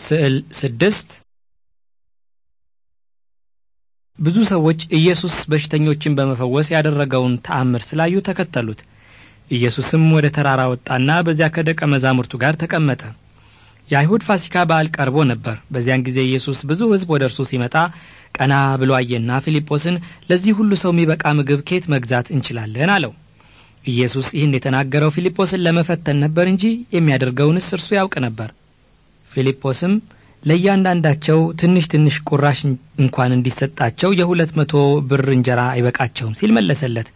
ስዕል ስድስት ብዙ ሰዎች ኢየሱስ በሽተኞችን በመፈወስ ያደረገውን ተአምር ስላዩ ተከተሉት። ኢየሱስም ወደ ተራራ ወጣና በዚያ ከደቀ መዛሙርቱ ጋር ተቀመጠ። የአይሁድ ፋሲካ በዓል ቀርቦ ነበር። በዚያን ጊዜ ኢየሱስ ብዙ ሕዝብ ወደ እርሱ ሲመጣ ቀና ብሎ አየና ፊልጶስን ለዚህ ሁሉ ሰው የሚበቃ ምግብ ኬት መግዛት እንችላለን? አለው። ኢየሱስ ይህን የተናገረው ፊልጶስን ለመፈተን ነበር እንጂ የሚያደርገውንስ እርሱ ያውቅ ነበር። ፊልጶስም ለእያንዳንዳቸው ትንሽ ትንሽ ቁራሽ እንኳን እንዲሰጣቸው የሁለት መቶ ብር እንጀራ አይበቃቸውም ሲል መለሰለት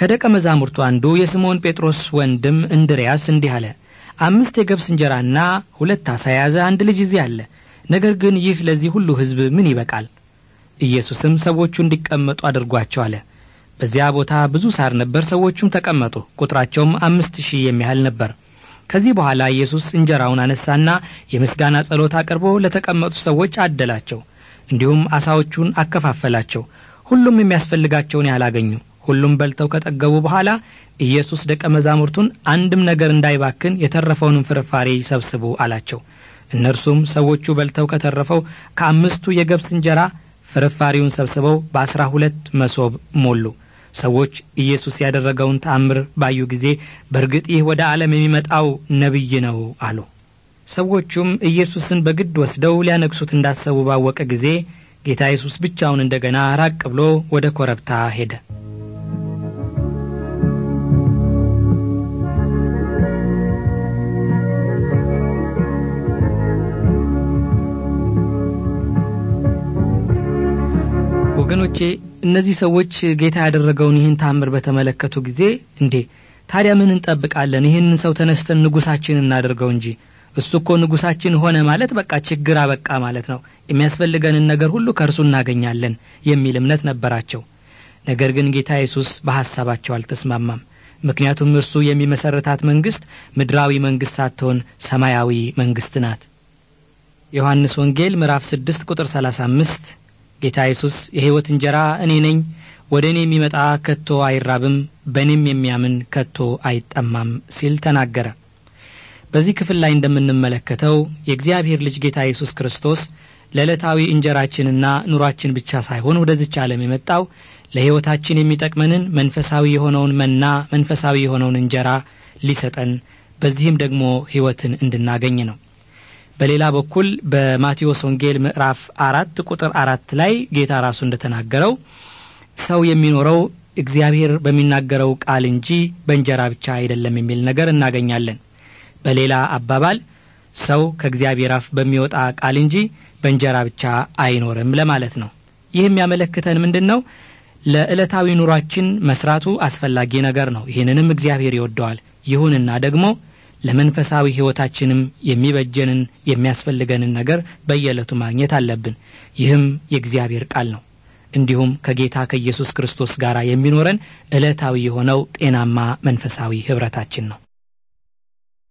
ከደቀ መዛሙርቱ አንዱ የስምዖን ጴጥሮስ ወንድም እንድርያስ እንዲህ አለ አምስት የገብስ እንጀራና ሁለት አሳ የያዘ አንድ ልጅ እዚህ አለ ነገር ግን ይህ ለዚህ ሁሉ ህዝብ ምን ይበቃል ኢየሱስም ሰዎቹ እንዲቀመጡ አድርጓቸው አለ በዚያ ቦታ ብዙ ሳር ነበር ሰዎቹም ተቀመጡ ቁጥራቸውም አምስት ሺህ የሚያህል ነበር ከዚህ በኋላ ኢየሱስ እንጀራውን አነሳና የምስጋና ጸሎት አቅርቦ ለተቀመጡ ሰዎች አደላቸው። እንዲሁም አሳዎቹን አከፋፈላቸው። ሁሉም የሚያስፈልጋቸውን ያህል አገኙ። ሁሉም በልተው ከጠገቡ በኋላ ኢየሱስ ደቀ መዛሙርቱን አንድም ነገር እንዳይባክን የተረፈውንም ፍርፋሬ ሰብስቡ አላቸው። እነርሱም ሰዎቹ በልተው ከተረፈው ከአምስቱ የገብስ እንጀራ ፍርፋሪውን ሰብስበው በአስራ ሁለት መሶብ ሞሉ። ሰዎች ኢየሱስ ያደረገውን ተአምር ባዩ ጊዜ በእርግጥ ይህ ወደ ዓለም የሚመጣው ነቢይ ነው አሉ። ሰዎቹም ኢየሱስን በግድ ወስደው ሊያነግሱት እንዳሰቡ ባወቀ ጊዜ ጌታ ኢየሱስ ብቻውን እንደገና ራቅ ብሎ ወደ ኮረብታ ሄደ። ወገኖቼ እነዚህ ሰዎች ጌታ ያደረገውን ይህን ታምር በተመለከቱ ጊዜ እንዴ ታዲያ ምን እንጠብቃለን ይህንን ሰው ተነስተን ንጉሳችን እናደርገው እንጂ እሱ እኮ ንጉሳችን ሆነ ማለት በቃ ችግር አበቃ ማለት ነው የሚያስፈልገንን ነገር ሁሉ ከእርሱ እናገኛለን የሚል እምነት ነበራቸው ነገር ግን ጌታ ኢየሱስ በሐሳባቸው አልተስማማም ምክንያቱም እርሱ የሚመሠረታት መንግሥት ምድራዊ መንግሥት ሳትሆን ሰማያዊ መንግሥት ናት ዮሐንስ ወንጌል ምዕራፍ 6 ቁጥር 35 ጌታ ኢየሱስ የሕይወት እንጀራ እኔ ነኝ፣ ወደ እኔ የሚመጣ ከቶ አይራብም፣ በእኔም የሚያምን ከቶ አይጠማም ሲል ተናገረ። በዚህ ክፍል ላይ እንደምንመለከተው የእግዚአብሔር ልጅ ጌታ ኢየሱስ ክርስቶስ ለዕለታዊ እንጀራችንና ኑሯችን ብቻ ሳይሆን ወደዚች ዓለም የመጣው ለሕይወታችን የሚጠቅመንን መንፈሳዊ የሆነውን መና መንፈሳዊ የሆነውን እንጀራ ሊሰጠን በዚህም ደግሞ ሕይወትን እንድናገኝ ነው። በሌላ በኩል በማቴዎስ ወንጌል ምዕራፍ አራት ቁጥር አራት ላይ ጌታ ራሱ እንደተናገረው ሰው የሚኖረው እግዚአብሔር በሚናገረው ቃል እንጂ በእንጀራ ብቻ አይደለም የሚል ነገር እናገኛለን። በሌላ አባባል ሰው ከእግዚአብሔር አፍ በሚወጣ ቃል እንጂ በእንጀራ ብቻ አይኖርም ለማለት ነው። ይህ የሚያመለክተን ምንድን ነው? ለዕለታዊ ኑሯችን መስራቱ አስፈላጊ ነገር ነው። ይህንንም እግዚአብሔር ይወደዋል። ይሁንና ደግሞ ለመንፈሳዊ ሕይወታችንም የሚበጀንን የሚያስፈልገንን ነገር በየዕለቱ ማግኘት አለብን። ይህም የእግዚአብሔር ቃል ነው። እንዲሁም ከጌታ ከኢየሱስ ክርስቶስ ጋር የሚኖረን ዕለታዊ የሆነው ጤናማ መንፈሳዊ ኅብረታችን ነው።